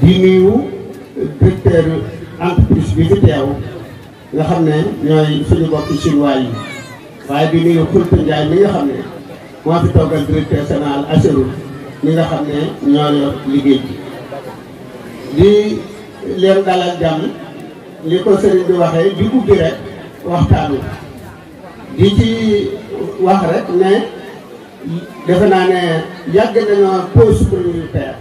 di nuyu directeur entreprise bi fi teew nga xam ne ñooy suñu bokki chinois yi waaye di nuyu Koulta Ndiaye mi nga xam ne moo fi toggal directeur général Aserou mi nga xam ne ñoo yor liggéey bi di leen dalal jàmm li ko sëriñ bi waxee di ubbi rek waxtaanu di ci wax rek ne defe naa ne yàgg nañoo pause militaire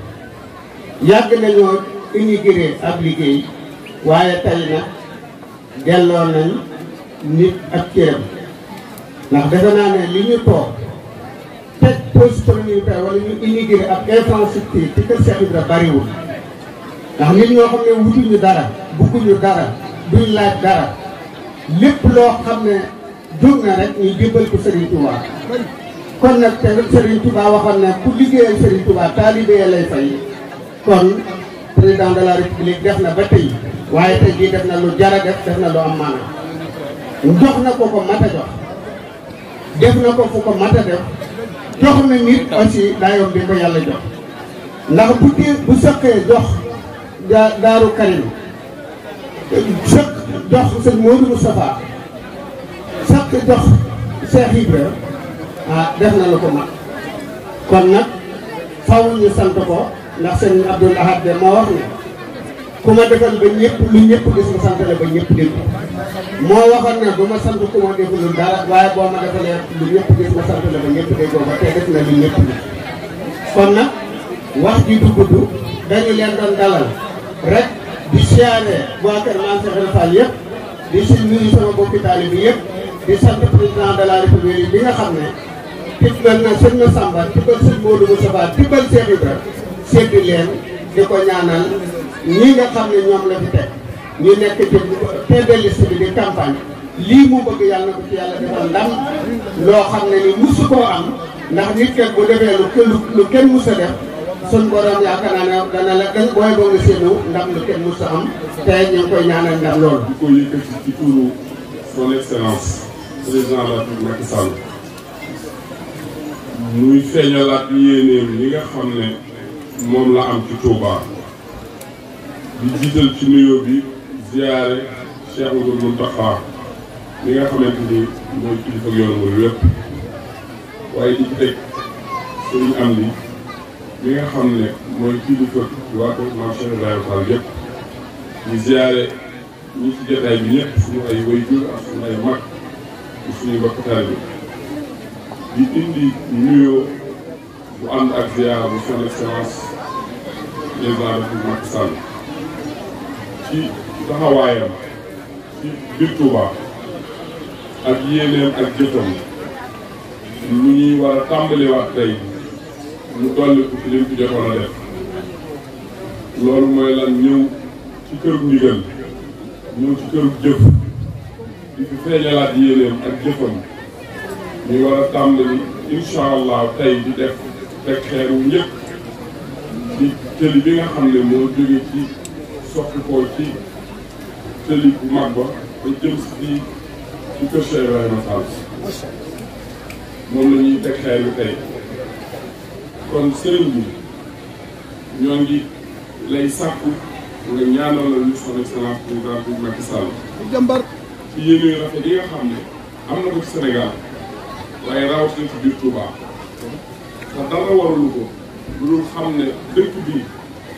yàgg nañoo immigré ab liggéey waaye tey nag delloo nañ nit ak cëram ndax defe naa ne li ñu toog teg pause communautaire wala ñu immigré ab infrastructure ci kër Cheikh Ibra bariwul ndax nit ñoo xam ne wutuñu dara bugguñu dara duñ laaj dara lépp loo xam ne jur na rek ñu jébbal ko Serigne Touba kon nag te Serigne Touba waxoon ne ku liggéeyal Serigne Touba taalibe lay fay kon président de la république def na ba tey waaye tey jii def na lu jara def def na lu am maana jox na ko ko mata jox def na ko fu ko mata def jox na nit aussi dayoom bi ko yàlla jox ndax bu dee bu sëqee jox daaru karim sëq jox sëq jox Cheikh Ibra ah def na lu ko mat kon nag faw sant ko ndax sëñ Abdoul Ahad de moo wax ne ku ma defal ba ñëpp lu ñëpp gis ma sant la ba ñëpp dégg moo waxoon ne bu ma sant ku ma defalul dara waaye boo ma defalee lu ñëpp gis ma sant la ba ñëpp déggoo ko na lu ñëpp wax ji du gudd dañu leen doon dalal rek di siyaare waa kër Maam Cheikh Fall yëpp di si nuyu sama bokki taalibe bi yëpp di sant président de la république bi nga xam ne tibbal na sëñ na Samba tibbal sëñ Modou Moustapha tibbal seen Ibra séddi leen di ko ñaanal ñi nga xam ne ñoom la fi teg ñu nekk ci teddeliste bi di campagne lii mu bëgg yàlla ko ci yàlla defal ndam loo xam ne ni musu koo am ndax nit kat bu defee lu lu kenn musa def suñ borom yaakaar naa ne dana la gën booy boo nga séenu ndam lu kenn musa am te ñu ngi koy ñaanal ndam loolu di ko yëkkati ci turu son excellence président de la République Macky Sall muy feeñalaat yéeneem ñi nga xam ne moom la am ci Touba di jiital ci nuyoo bi ziyaare Cheikhul Mountakha li nga xamante ni mooy kilifa yoonu mooy yépp waaye di ci teg suñu am ni li nga xam ne mooy kilifa waa ko maam di ziyaare ñi ci jotaay bi ñëpp suñu ay waajur ak suñu ay mag suñu mbokk bi di indi nuyoo bu ànd ak ziyaara bu son excellence président de Macky Sall ci taxawaayam ci biir Touba ak yéeneem ak jëfam ñu ñuy war a tàmbaliwaat tey mu dolli ko ci lim ci jotoon a def loolu mooy lan ñëw ci kër ndigal ñëw ci kër jëf di fi feeñalaat yéeneem ak jëfam ñu war a tàmbali incha allah tey di def teg xeeru ñëpp di tëli bi nga xam ne moo jóge ci soppi ko ci tëli bu mag ba ba jëm si ci kër Cheikh Ibrahima moom la ñuy teg xeeru tey kon sëriñ bi ñoo ngi lay sàkku nga ñaanalal ñu son excellence président bu Macky Sall jàmbar ci yéene rafet yi nga xam ne am na ko ci Sénégal waaye rawatina ci biir Touba te dara warulu ko lu xam ne dëkk bi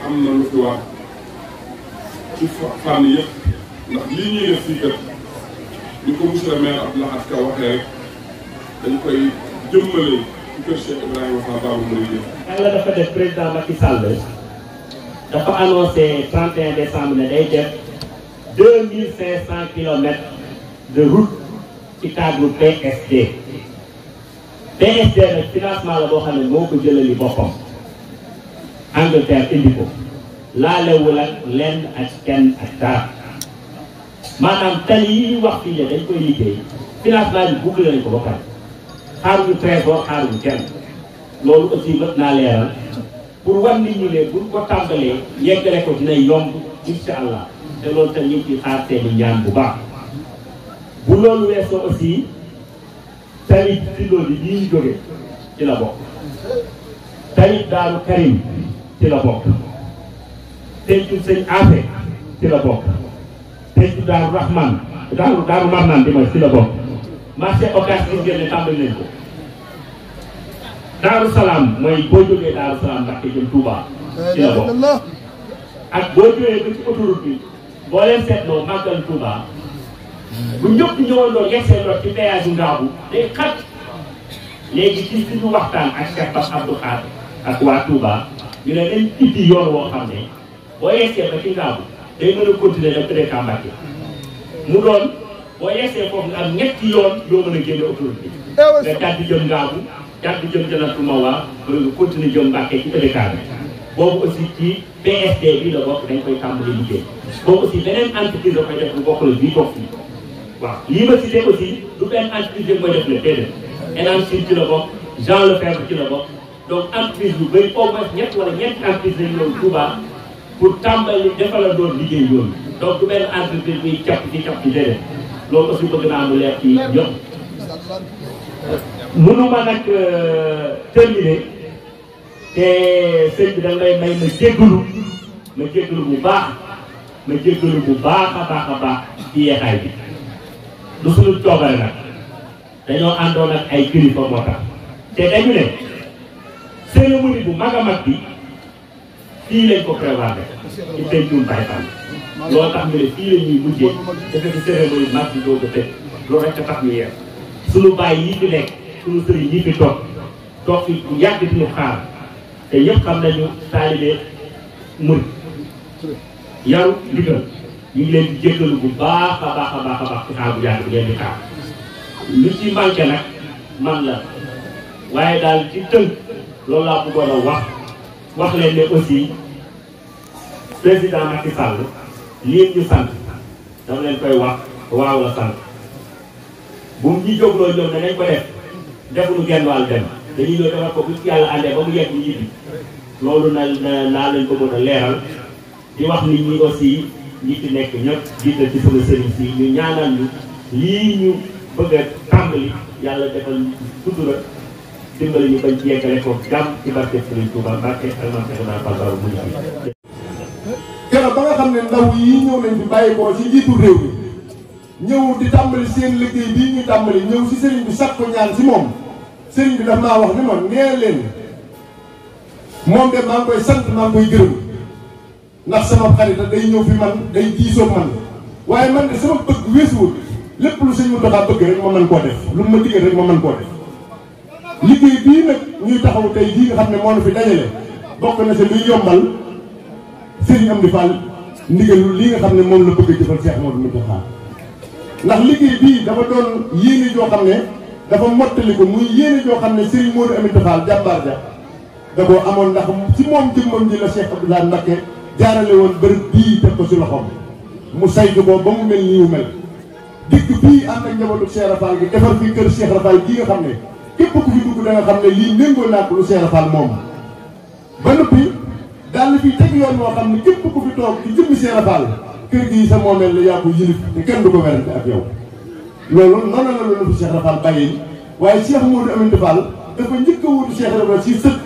am na lu fi wax ci fànn yëpp ndax lii ñuy def fii kat ñu ko monsieur le maire Abdou Lahad Ka waxee rek koy jëmmale ci kër Cheikh Ibrahima dafa def président Macky Sall dafa annoncé 31 décembre ne day def 2500 kilomètres de route ci cadre PSD. PSD nag financement la boo xam ne moo ko jëlali boppam. Angleterre indi ko laalewul ak lenn ak kenn ak dara maanaam tali yi wax fii ne dañ koy liggéey financement bi bugg nañ ko ba pare xaaruñu trésor xaaruñu kenn loolu aussi mën naa leeral pour wan ko tàmbalee yeggale ko dina yomb insha allah te loolu tam ñu ci xaar seeni ñaan bu baax bu loolu weesoo aussi tamit ci loolu yi ñu jóge ci la bokk tamit daaru karim ci la bokk pencu sëñ Afe ci la bokk pencu Daaru Rahman Daaru di ma ci la bokk marché Ocass gis ngeen ne tàmbali nañ mooy boo jógee Daaru Salaam Mbàkke jëm Touba ci la bokk ak boo jógee ba ci autoroute bi boo leen seetloo màggal Touba bu ñëpp ñëwoon loo yegsee lot ci péage yu Ngaabu day xat léegi ci waxtaan ak Cheikh Bass Abdou Khadre ak waa Touba ñu ne dañ itti yoon woo xam ne boo yegsee ba ci ngaabu day mën a continuer nag président Mbacke mu doon boo yegsee foofu nga am ñetti yoon yoo mën a génne autoroute eh bi nga jàdd jëm ngaabu jàdd jëm Jannatul Mahwa ba nga continuer jëm Mbacke ci président bi boobu aussi ci PSD bi la bokk dañ koy tàmbali liggéey boobu aussi beneen entreprise da koy def bu bokkul bii bokk fii waaw lii ma cité aussi du benn entreprise da koy def la déedéet énam sur ci la ci la donc entreprise yu bëri au moins ñett wala ñeenti entreprise lañu doon Touba pour tàmbali defal doon liggéey yooyu donc du benn entreprise buy cap ci cap ci déedéet loolu aussi bëgg naa mu leer ci jox mënuma nag euh, terminer te sëñ bi da ngay may ma jéggalu ma jéggalu bu baax ma jéggalu bu baax a baax a baax ci yeexaay bi du suñu coobare nag dañoo àndoon ak ay kilifa moo tax te dañu cérémonie bu mag a mag bi fii lañ ko prévoir ci Pencum Baye Fall loolu tax ñu ne fii la ñuy mujjee dafeki cérémonie bu mag bi doo tëj loolu rek a tax ñu yeew suñu bàyyi yi nekk suñu sëriñ yi fi toog toog fi yàgg di ñu xaar te yëpp xam nañu taalibe murid yaru ndigal ñu ngi leen di jéggalu bu baax a baax a baax a baax ci bu yàgg di xaar lu ci manqué nag man la waaye daal ci tënk loolu laa bëggoon a wax wax leen ne aussi président Macky Sall lii ñu sant dama leen koy wax waaw la sant bu ñu jógloo ñoom danañ ko def defuñu genn wàll dem dañuy ñëw defar ko bu ci yàlla nit loolu na naa leen ko mën a leeral di wax nit ñi aussi ñi ci nekk ñëpp jiital ci suñu sëriñ si ñu ñaanal ñu lii ñu bëgg a tàmbali yàlla defal sutura dimbali ñu bañ yeggale ko jàmm ci barke Sëriñ Tuuba barke almantexe naa pasar muñ bi keroog ba nga xam ne ndaw yi ñëw nañ fi bàyyi ko ci jiitu réew bi ñëw di tàmbali seen liggéey bii ñu tàmbali ñëw si sëriñ bi sakku ñaan si moom sëriñ bi daf naa wax ni ma nee leen moom de maa koy sant maa ngi koy gërëm ndax sama xarita day ñëw fi man day diisoo man waaye man de sama bëgg weesuwul lépp lu sëñ mu doxaa bëgg rek ma mën koo def lu ma digal rek ma mën koo def liggéey bii nag ñuy taxaw tey jii nga xam ne moo nu fi dajale bokk na si luy yombal Serigne Amdi Fall ndigal li nga xam ne moom la bëgg a jëfal Cheikh Modou Moustapha ndax liggéey bii dafa doon yéene joo xam ne dafa mottali ko muy yéene joo xam ne Serigne Modou Amdi Fall jàmbaar ja da koo amoon ndax ci moom jëmmam ji la Cheikh Abdoulaye Mbacké jaarale woon bërëb bii teg ko si loxoom mu saytu ko ba mu mel nii mu mel dikk bii ànd ak njabootu gi defar fi kër Cheikh Rafal gi nga xam ne képp ku fi dugg da xam ne lii méngoo naa ko lu Cheikh Fall moom ba noppi daal fi teg yoon moo xam ne képp ku fi toog ci jëmmi Cheikh Fall kër gi sa moomeel la yaa ko yilif te kenn du ko werante ak yow loolu noonu la loolu fi Cheikh Fall bàyyil waaye Cheikh Modou a wutu Cheikh Fall si sët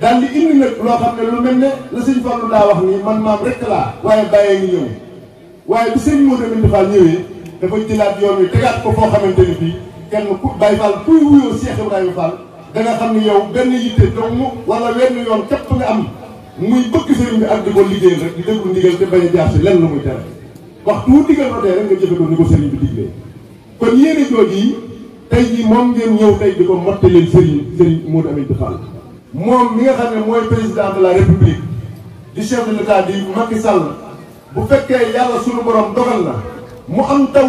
daal mel ne la sëñ Fallou daa wax ni man maam rek laa waaye bàyyee ngi ñëw waaye bi sëñ Modou Aminta Fall ñëwee dafa jëlaat yoon wi tegaat ko foo xamante ni fii kenn ku Baye Fall kuy wuyoo Cheikh Ibrahima Fall da xam ne yow benn yitte dong wala wenn yoon képp nga am muy bëgg sëriñ bi ak di ko liggéeyal rek di déglu ndigal te bañ a jaar si lenn lu muy tere waxtu wu ndigal ba tee rek nga jëfe ko ni ko sëriñ bi diglee kon yéene jooju yi tey jii moom ngeen ñëw tey di ko mottaleel sëriñ sëriñ Modou Aminta Fall moom mi nga xam ne mooy président de la république di chef de l'état di Macky Sall bu fekkee yàlla sunu borom dogal na mu am taw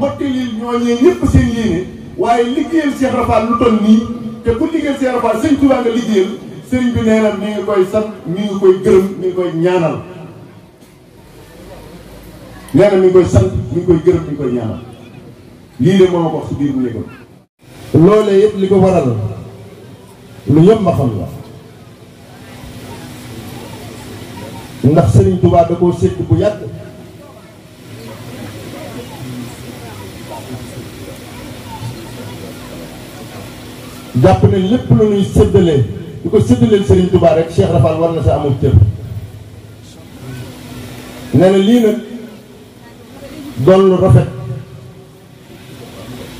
mottalil ñooñee ñëpp seen yéene waaye liggéeyal Cheikh Rafal lu toll nii te ku liggéeyal Cheikh Rafal sëñ Tuubaa nga liggéeyal sëriñ bi nee na mi ngi koy sant mu ngi koy gërëm mi ngi koy ñaanal nee na mi lii de moo wax si biir bu nekkam loolee yëpp li ko waral lu yëpp ma xam la ndax Serigne Touba da koo sédd bu yàgg jàpp ne lépp lu ñuy séddalee di ko séddalee Serigne Touba rek Cheikh Rafal war na sa amul cër nee lii nag doon lu rafet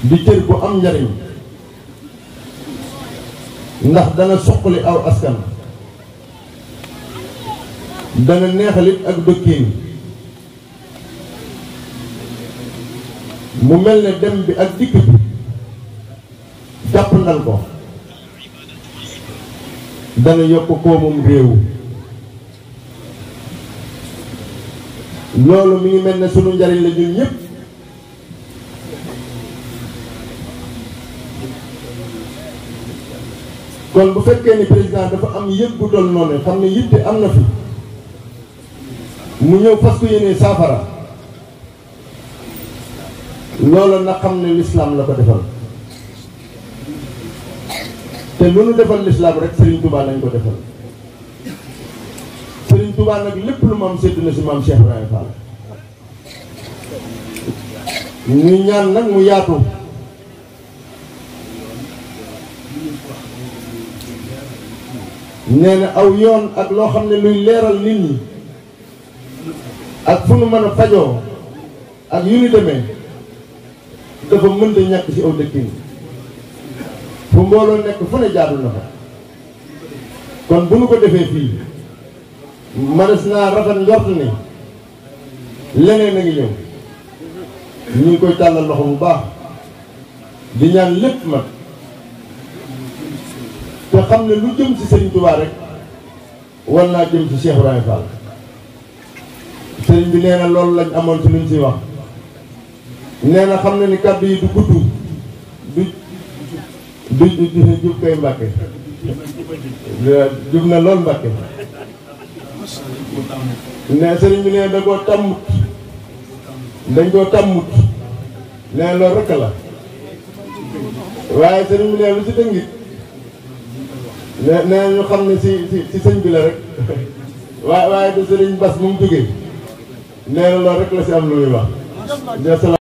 di cër bu am njariñ ndax dana suqali aw askan dana neexalit ak dëkkiin mu mel ne dem bi ak dikk bi jàppandal ko dana yokk koomum réew loolu mi ngi mel ni sunu njariñ la ñun ñëpp kon bu fekkee ni président dafa am yëg bu dol noonu xam ne yitte am na fi mu ñëw fas ko yéene saafara loola na xam ne lislaam la ko defal te lu nu defal lislaam rek Serigne Touba lañ ko defal Serigne Touba nag lépp lu maam sédd na si maam Cheikh Ibrahima Fall ñaan nag mu yaatu nee na aw yoon ak loo xam ne luy leeral nit ñi ak fu nu mën a fajoo ak yu ñu demee dafa mënta ñàkk ci aw dëkkin bu mbooloo nekk fu ne jaadu na fa kon bu nu ko defee fii manes naa rafet njort ni leneen a ngi ñëw ñu ngi koy tàllal loxo bu baax di ñaan lépp mag te xam ne lu jëm ci Serigne Touba rek war naa jëm ci Cheikh Ibrahima Fall Serigne bi nee na loolu lañ amoon ci luñ ci wax nee na xam na ni kàddu yi du gudd di di di sa jub kay Mbàkke jub na lool Mbàkke ne sëriñ bi ne da koo tàmmut dañ koo tàmmut ne loolu rekk la waaye sëriñ bi ne lu si dëngit ne ne ñu xam ne si si si sëñ bi la rek waaye waaye du sëriñ Bas mu mu jógee nee na loolu la si am lu muy wax